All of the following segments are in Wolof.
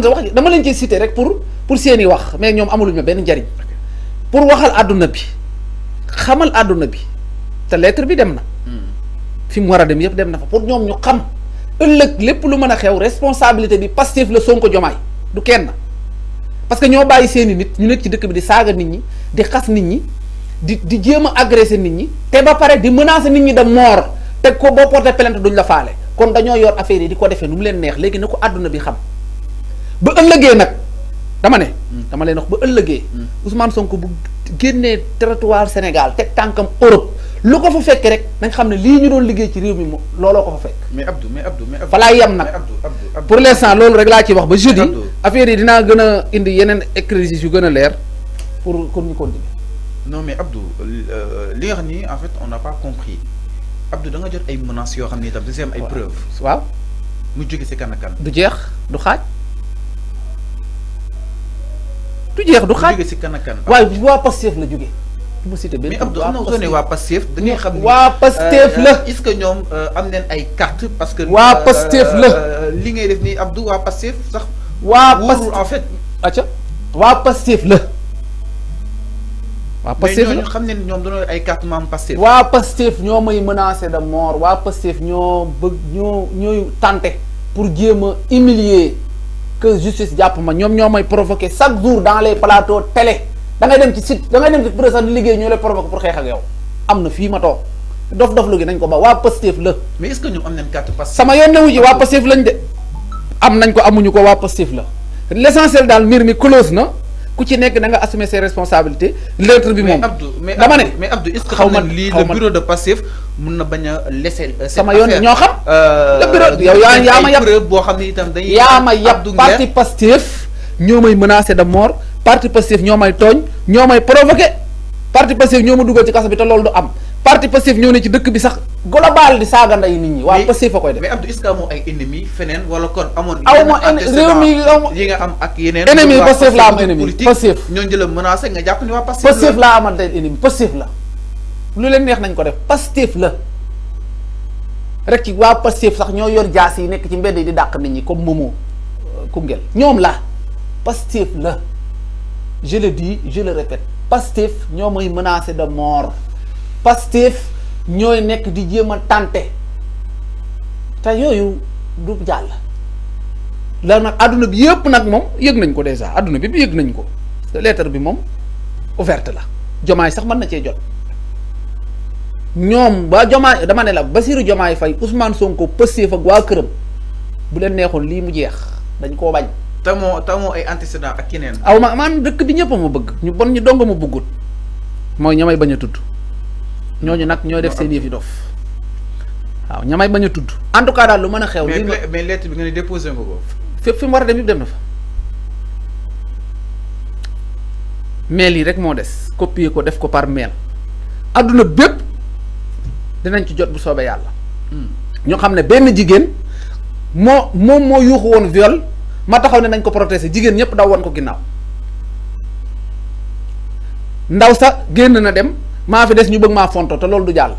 man wax dama leen ci cité rek pour pour seeni wax mais ñom amuluñ ma ben jariñ pour waxal aduna bi xamal aduna bi te lettre bi dem na hmm. fi mu wara dem yëpp dem na fa pour ñom ñu xam ëllëg lepp lu mëna xew responsabilité bi Pastef le Sonko jomay du kenn parce que ño bayyi seeni nit ñu nekk ci dëkk bi di saga nit ñi di xass nit ñi di di jema agresser nit ñi té ba pare di menacer nit ñi da mort té ko bo porter plainte duñ la faalé kon dañoo yor affaire yi diko défé num leen neex légui nako aduna bi xam ba ëllëgee nag dama ne. Hmm. dama leen wax ba ëllëgee. Hmm. Ousmane Sonko bu génnee territoire Sénégal teg tànkam Europe lu ko fa fekk rek nañ xam ne lii ñu liggéey ci réew mi moom looloo ko fa fekk. mais Abdou mais Abdou mais Abdou. fa laa yem nag pour l'instant loolu rek laa ciy wax ba jeudi. affaire yi dinaa gën a indi yeneen écrits yu gën a leer pour pour ñu continuer. non mais Abdou euh, li nga xam ni en fait on n'a pas compris Abdou da nga jot ay menaces yoo xam ni itam da ay preuves. waaw mu jóge si kan du jeex du xaaj. Tu ne du pas si kan ak kan mais Abdou ne si c'est da ngay euh, euh, est-ce que ñom euh, am len ay carte parce que wa passif. la li ngay def ni Abdou wa passif. sax wa un en fait acca wa passif. la wa un la xamne ne ñoom ay carte mam Pastef wa passif. ñoo may de mort wa pas ñoo bëgg ñoo ñooy pour jéem humilier que justice jàpp ma ñoom ñoo may provoqué chaque jour dans les plateaux télé da ngay dem ci site da ngay dem ci presse sax di liggéey ñoo lay provoqué pour xeex ak yow am na fii ma toog dof-dof lu nañ ko ba waa Pastef la. am nañ sama yoon newu waa Pastef lañ de am nañ ko amuñu ko waa Pastef la l' essentiel daal mbir mi close na. ku ci nekk na nga assumer ses responsabilités lettre bi moom. dama ne mais Abdou est-ce que xam nga lii le na bañ a laisser. sama yoon ñoo xam. Euh, le bureau yow yaa yaa ma yab boo xam ne itam dañuy yaa ma yab parti Pastef ñoo may menacé de mort parti Pastef ñoo may tooñ ñoo may provoqué parti Pastef ñoo ma duggal ci kaso bi te loolu du am. parti Pastef ñëw ne ci dëkk bi sax global di saaga nday nit ñi waa Pastef a koy def mais Abdou est-ce que ay ennemi feneen wala yi nga am ak yeneen ennemi Pastef la am ennemi Pastef ñooñu jëla la lu leen neex nañ ko def Pastef la rek waa Pastef sax ñoo yor jaas yi nekk ci mbedd yi di dàq nit ñi comme Momo euh, Koungheul ñoom la Pastef la je le dis je le répète Pastef ñoo may menacé de mort Pastef ñooy nekk di jéem a tànte te yooyu du jàll la nag àdduna bi yëpp nag moom yëg nañ ko déjà àdduna bi bi yëg nañ ko lettre bi moom ouverte la jomaay sax mën na cee jot ñoom ba jomaay dama ne la Bassirou Jomaay Faye Ousmane Sonko Pastef ak waa këram bu leen neexoon lii mu jeex dañ koo bañ tamoo tamoo ay antécédents ak keneen aw ma man dëkk bi ñëpp ma bëgg ñu bon ñu dong ma bëggut mooy ñamay bañ a tudd ñooñu nak ñooy def seen yëf yi dof waaw ñamay bañ a tudd en tout cas daal lu mën a xew. lii mais lettre bi nga ne déposé nga ko. fépp fi war dem yëpp dem na fa. mail yi rek moo des copier ko def ko par mail adduna bépp dinañ ci jot bu soobee yàlla. Hmm. ñoo xam ne benn jigéen moo Mo moo yuuxu woon viol ma taxaw ne nañ ko protester jigéen ñëpp daw woon ko ginnaaw ndaw sax génn na dem ma fi dess ñu bëgg ma fonto te loolu du jall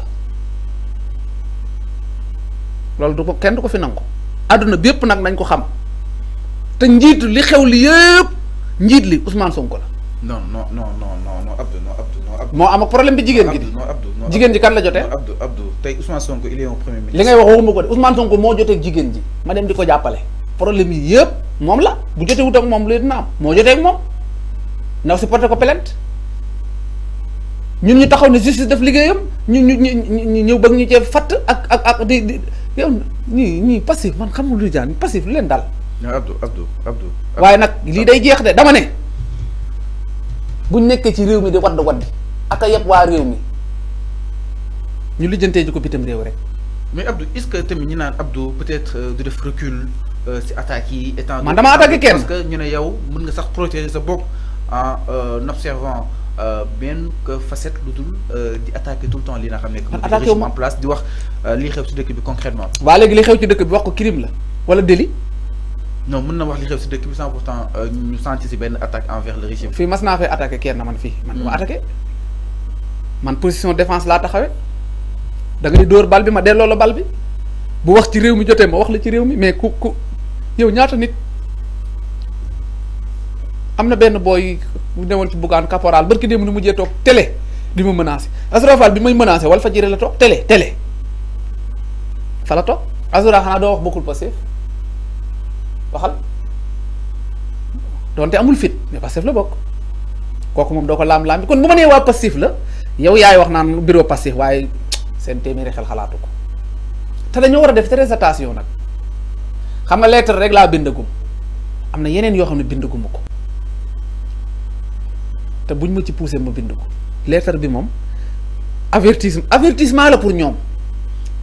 loolu du ko kenn du ko fi nangu aduna bépp nag nañ ko xam te njiitu li xew li yëpp njiit li Ousmane Sonko la. non non non non non Abdou non Abdou non Abdou. moo am ak problème bi jigéen gi di jigéen ji kan la jotee. Abdou Abdou tey Ousmane Sonko il est un premier ministre. li ngay wax waxuma ko de Ousmane Sonko moo jotee jigéen ji ma dem di ko jàppale problème yi yëpp moom la bu jotee wut ak moom lu dina am moo jotee ak moom ndaw si porté ko pelente ñun ñu taxaw ne justice def liggéeyam ñu ñu ñu bëgg ñu ci fat ak ak ak passif man xam Abdou Abdou Abdou. nous li day de dama ne buñ ci réew mi di ak réew mi ñu réew mais Abdou est-ce que tamit naan Abdou peut-être euh, du def recul euh, étant. man parce que ñu yow sax protéger sa en euh, observant. Euh, que facette lu dul euh, di attaquer tout le temps li nga xam ko ah, régime en place di wax euh, li xew ci dëkk bi concrètement wa légui li xew ci dëkk bi wax ko crime la wala délit. non mën na wax li xew ci dëkk bi 100% pourtant ñu senti ci ben attaque envers le régime. fi mas na fay attaquer kenn man fi man hmm. attaquer man position défense la taxawé da di dóor bal bi ma delloo la bal bi bu wax ci réew mi jotee ma wax la ci réew mi mais ku ku yow ñaata nit amna ben boy mu newoon ci buggaan caporal barki démb nu mujjee toog télé di ma menacé Azura bi may menacé wala fa jëre la toog télé télé fa la xanaa doo wax bokkul Pastef waxal donte amul fit mais Pastef la bokk kooku moom doo ko laam-laam kon bu ma nee waa Pastef la yow yaay wax naan bureau Pastef waaye seen téeméeri xel xalaatu ko te dañoo war a def très attention nag xam nga lettre rek laa bindagum am na yeneen yoo xam ne bindaguma ko te buñ ma ci poussé ma bind ko lettre bi moom avertissement avertissement la pour ñoom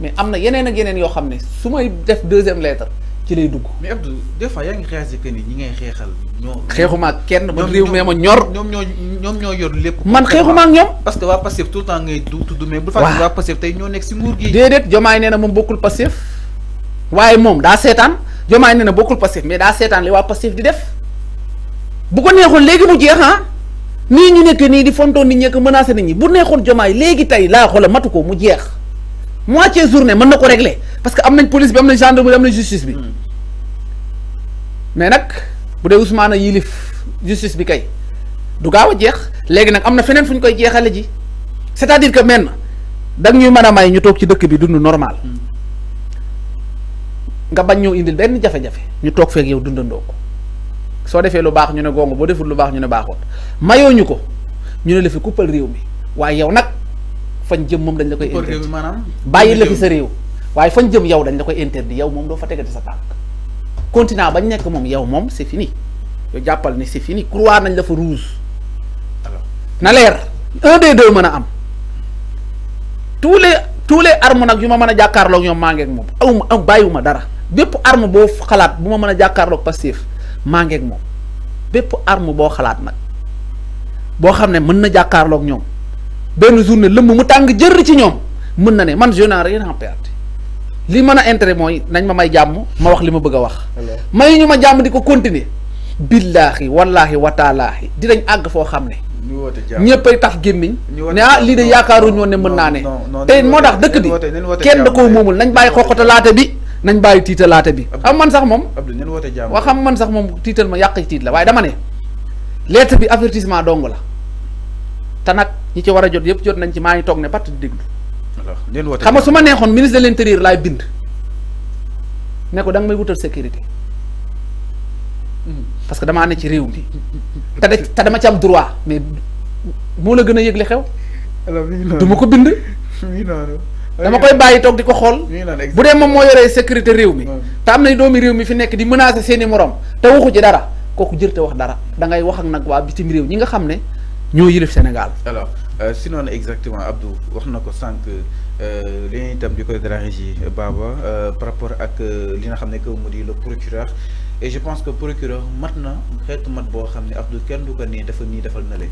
mais am na yeneen ak yeneen yoo xam ne su may def deuxième lettre ci lay dugg. mais Abdou des fois ñi ngay xeexal. ñoo xeexuma ak kenn man réew mee ma ñor. ñoom ñoo ñoom ñoo yor lépp. man xeexuma ak ñoom. parce que waa Pastef tout le temps ngay du tudd mais. bu fàttali waa Pastef tey ñoo nekk si nguur gi. déedéet jomaay nee na moom bokkul Pastef waaye moom daa seetaan jomaay nee na bokkul Pastef mais daa seetaan li waa Pastef di def bu ko neexoon léegi mu jeex ah. nii ñu nekk nii di fontoo nit ñi menacé nit ñi bu neexoon jomaay léegi tey laa xoola matu ko mu jeex moitié journée mën na ko régler parce que am nañ police bi am nañ gendarmerie am nañ justice bi mais nag bu dee Ousmane yilif justice bi kay du gaaw a jeex léegi nag am na feneen fu ñu koy jeexale ji c'est-à-dire que men dag ñuy mën a may ñu toog ci dëkk bi dund normal mm. nga bañ ñoo indil benn jafe-jafe ñu toog feeg yow dundandoo ko soo defee lu baax ñu ne gongo boo deful lu baax ñu ne baaxoon mayoo ñu ko ñu ne la kuppal réew mi waaye yow nag fañ jëm moom dañ la koy interdit bàyyi la sa réew waaye fañ jëm yow dañ la koy interdit yow moom doo fa tegati sa tànk continent bañ nekk moom yow moom c'est fini yow jàppal ni c'est fini nañ la fa rouge na leer un des deux mën a am tous les tous les armes nag yu ma mën a jàkkaarloog ñoom maa ngeeg moom awma am bàyyiwuma dara bépp arme boo xalaat bu ma mën a jàkkaarloog passif maa ngeeg moom bépp arme boo xalaat nag boo xam ne mën na jàkkaarlook ñoom benn journée lëmm mu tàng jër ci ñoom mën na ne man je n'ai rien à perdre li mën a intérêt mooy nañ ma may jàmm ma wax li ma bëgg a wax. may ñu ma jàmm di ko continuer. billaahi wallaahi wataalaahi dinañ àgg foo xam ne. ñu woote jàmm ñëppay tax gémmiñ. ne ah lii de yaakaaruñu woon ne mën naa ne. tey moo tax dëkk bi kenn da koo moomul nañ bàyyi xoqotalaate bi. nañ bàyyi tiitalaate bi xam man sax moom waaw xam man sax moom tiital ma yàq tiit la waaye dama ne lettre bi avertissement dong la te nag ñi ci war a jot yëpp jot nañ ci maa ngi toog ne patt di déglu xam nga su ma neexoon ministre de l'intérieur laay bind ne ko da may wutal sécurité parce que damaa na ci réew mi te te dama ci am droit mais moo la gën a yëgle xew duma ko bind dama koy bàyyi toog di ko xool bu dee moom moo yoree sécurité réew mi te am na doomi réew mi fi nekk di menacer seeni morom te waxu ci dara kooku jërte wax dara dangay ngay wax ak nag waa bitim réew ñi nga xam ne ñoo yilif Sénégal alors euh, si noonu exactement Abdou wax na ko sànq euh, li ñu itam di ko dragie baaba euh, par rapport ak li nga xam ne que mu di le procureur et je pense que procureur mat na xeetu mat boo xam ne Abdou kenn du ko nii dafa nii defal na leen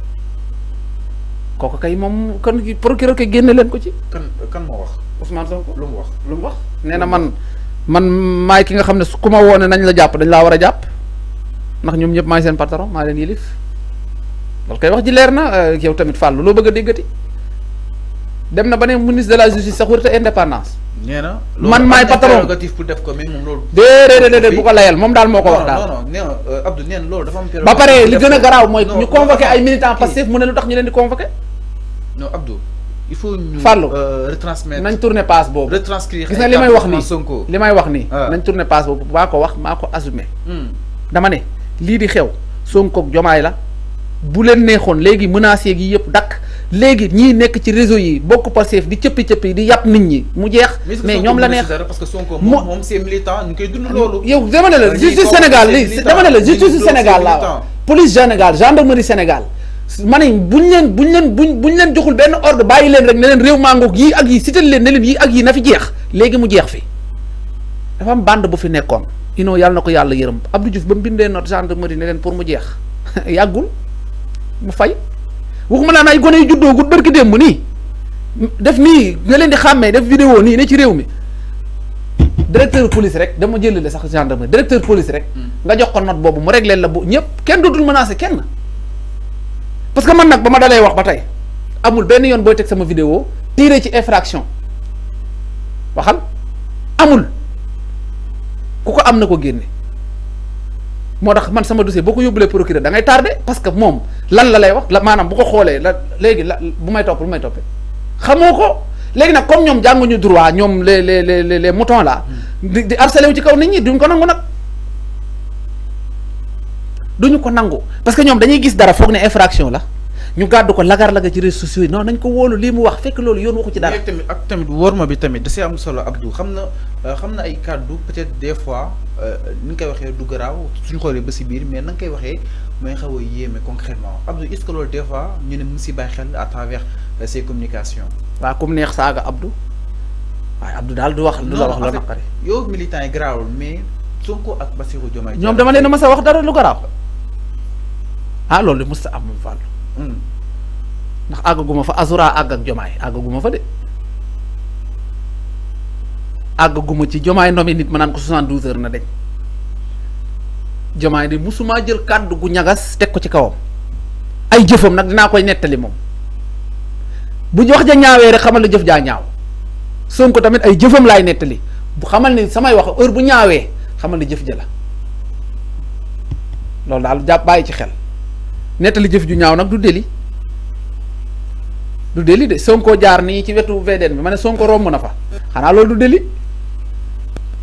kooku kay moom kon procureur kay génne leen ko ci. kan kan moo wax. Ousmane Sonko lu mu wax lu mu wax. nee na man man maay ki nga xam ne ku ma woone nañ la jàpp dañ laa war a jàpp ndax ñoom ñëpp maay seen patron maa leen yilif wax ji leer na euh, yow loo bëgg a déggati maay patron ba pare li gën a garaaw mooy ñu convoqué ay militants passifs mu ne lu tax ñu leen di convoqué. non Abdou il faut euh, retransmettre nañ tourner retranscrire gis wax dire. je wax Sonko Je la bu je neexoon léegi menaces gi yëpp je ci réseau yi di di nit ñi mu mais ñom la neex parce que Sonko c'est militant ñu koy dund lolu dama ne la ah, justice Sénégal la justice Sénégal police Sénégal. mané buñ len buñ len buñ len joxul ben ordre bayi len rek ne rew réew mangoog yii ak yi sitel len ne yi ak yi na fi jeex legi mu jeex fi dafa am bande bu fi nekkon ino yàlla nako yàlla yërëm Abdou Diouf ba mu note gendarmerie ne pour mu jeex yagul mu fay waxuma naan ay gone yu juddoo gudd barki démb ni def ni nga leen di xamé def vidéo ni ne ci rew mi directeur police rek dama jël le sax gendarmerie directeur police rek nga jox ko note bobu mu régler la bu ñep kenn dudul menacer kenn parce que man nag ba ma dalay wax ba tey amul benn yoon booy teg sama vidéo tiré ci infraction waxal amul ku ko am na ko génne moo tax man sama dossier boo ko yóbbulee procureur da ngay tardé parce que moom lan la lay wax maanaam bu ko xoolee la léegi la bu may topp bu may toppee xamoo ko léegi nag comme ñoom jànguñu droit ñoom le les les les moutons là hmm. di di harcelé ci kaw nit ñi duñ ko nangu nag. ñu ko nangu parce que ñoom dañuy gis dara foog ne infraction la ñu gàdd ko lagar-laga ci réseaux sociaux yi non nañ ko wóolu lii mu wax fekk loolu yoon waxu ci dara. tamit ak tamit wóor tamit da see am solo Abdou xam na euh, xam na ay kàddu peut-être des fois euh, ni nga koy waxee du garaaw suñu xoolee ba si biir mais na nga koy waxee mooy xaw a yéeme concrètement Abdou des fois ñu ne si bàyyi xel à travers euh, ces communications. waaw comme neex saaga Abdou waaye Abdou daal du wax. du la wax la naqari yow militant yi garaawul mais Sonko ak Bassirou Diomaye. ñoom dama leen a mas a wax dara lu garaaw. ah loolu de sa am moom fàllu hmm. ndax àggaguma fa asura àgg ak jomaay àggaguma fa de àggaguma ci jomaay ndomi nit ma naan ko 72 heures na deñ jomaay de mosumaa jël kàddu gu ñagas teg ko ci kawam ay jëfam nag dinaa koy nettali moom bu wax ja ñaawee rek xamal ne jëf jaa ñaaw ko tamit ay jëfam laay nettali bu xamal ne samay wax heure bu ñaawee xamal ne jëf ja la loolu daal jàpp bàyyi ci xel. netali jëf ju ñaaw nak du deli du deli de Sonko jaar ni ci wetu veden bi mané ne Sonko romb na fa xana lool du deli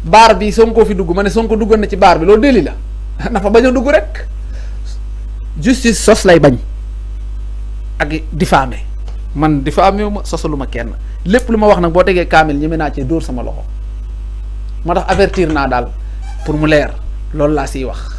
bar bi Sonko fi dugg mané ne Sonko duggoon na ci bar bi lool deli la na fa baña dugg rek justice sos lay bañ ak difamé man difamé ma sosaluma kenn lepp lu wax nak bo tegee kamil ñëmé na ci door sama loxo ma tax avertir na dal pour mu lèr lool la ci wax.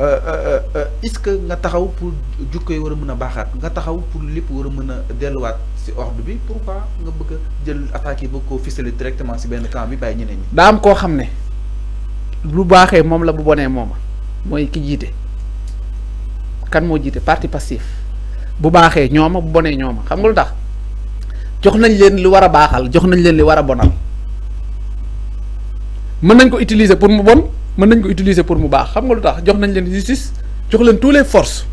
Euh, euh, euh, est-ce que nga taxaw pour jukko yi war a mun a baaxaat nga taxaw pour lépp war a mën a delluwaat si ord bi pour pourquoi nga bëgg a jël attaque yi bëgg koo ficeler directement si benn camp bi bàyyi ñeneen ñi. daa am koo xam ne lu baaxee moom la bu bonee mooma mooy ki jiite kan moo jiite parti passif bu baaxee ñooma bu bonee ñooma xam nga lu tax jox nañ leen li war a baaxal jox nañ leen li war a bonal mën nañ ko utiliser pour mu bon. mën nañ ko utiliser pour mu baax xam nga lu tax jox nañ leen justice jox leen tous les forces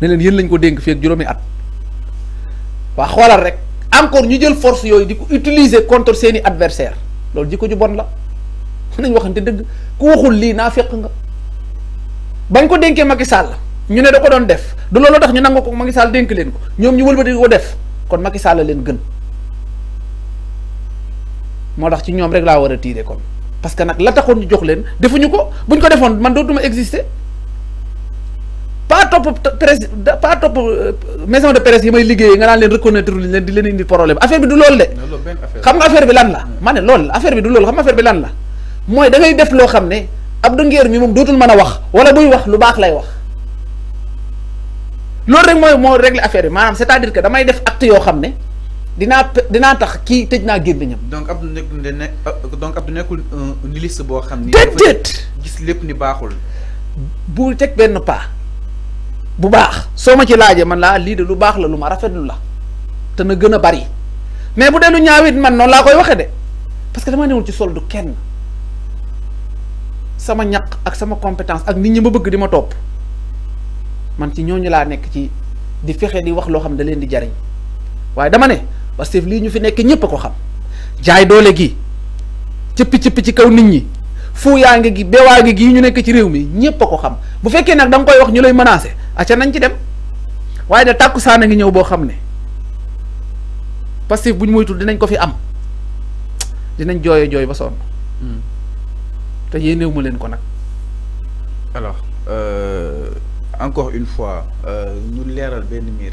ne leen yéen lañ ko dénk fii ak juróomi at waa xoolal rek encore ñu jël force yooyu di ko utiliser contre seeni adversaire loolu jikko ju bon la nañ waxante dëgg ku waxul lii naa fekk nga bañ ko dénkee Macky Sall ñu ne da ko doon def du loolu tax ñu nangu ko Macky Sall dénk leen ko ñoom ñu wëlbati ko def kon Macky Sall leen gën moo tax ci ñoom rek laa war a tiire kon parce que nag la taxoon ñu jox leen defuñu ko buñ ko defoon man dootuma exister pas topp presse pas topp euh, maison de presse yi may liggéeyee nga naan leen reconnaître luñ leen di leen indi problème affaire bi du loolu de. xam nga affaire bi lan la. ma ne loolu affaire bi du loolu xam nga affaire bi lan la mooy da def loo xam ne Abdou Nguer mi moom dootul mën a wax wala buy wax lu baax lay wax. loolu rek mooy moo régler affaire bi maanaam c'est-à-dire que def acte yoo xam ne. dinaa dinaa tax kii tëj naa ñam donc Abdou nekkul ne donc Abdou nekkul une boo xam ni. déedéet gis lépp ni baaxul. bu teg benn pas bu baax soo ma ci laajee man laa lii de lu baax la lu ma rafet rafetlu la te na gën a bari mais bu dee lu ñaawit man noonu laa koy waxee de parce que dama newul ci soldu kenn sama ñaq ak sama compétence ak nit ñi ma bëgg di ma topp man ci ñooñu laa nekk ci di fexe di wax loo xam ne da leen di jariñ waaye dama ne. Pastef lii ñu fi nekk ñépp a ko xam jaay doole gi cëppi cëppi ci kaw nit ñi fuu yaa ngi gi beewaa ngi gii ñu nekk ci réew mi ñépp a ko xam bu fekkee nag da koy wax ñu lay menacé acca nañ ci dem waaye da tàkku saana ngi ñëw boo xam ne Pastef bu ñu moytul dinañ ko fi am dinañ jooye jooy ba sonn hmm. te yéeneewu leen ko nag alors euh, encore une fois euh, ñu leeral benn miir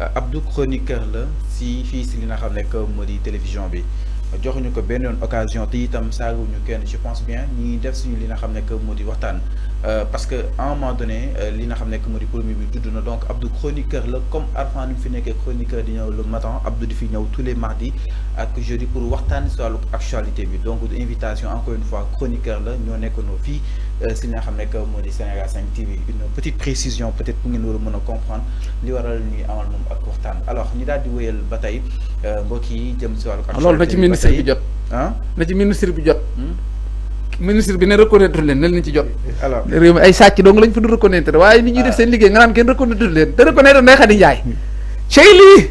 Euh, Abdou chroniqueur le si fi s'il li nga xam modi télévision bi joxuñu ko benn occasion te itam saagawuñu kenn je pense bien ñi def suñu li nga xam modi euh, parce que à un moment donné euh, li nga du ne premier bi judd donc Abdou chroniqueur le comme Arfan nous fi nekk chroniqueur di le matin Abdou di fi tous les mardis ak jeudi pour waxtaan sur l'actualité actualité bi donc invitation encore une fois chroniqueur la ñoo no fi Euh, si li xam ne moo di Sénégal 5 TV une petite précision peut-être pour ngeen war mën a comprendre li waral ñuy amal moom ak waxtaan alors ñu daal di wéyal ba tey euh, mbokk yi jëm si wàllu. loolu na ci ministre bi jot. ah na ci ministre bi jot. ministre bi ne reconnaître leen ne leen ci jot. alors réew mi ay sàcc dong lañ fa du reconnaître waaye ni ñuy def ah. seen liggéey nga naan kenn reconnaître leen te reconnaître Ndeye Khady Ndiaye. cey lii.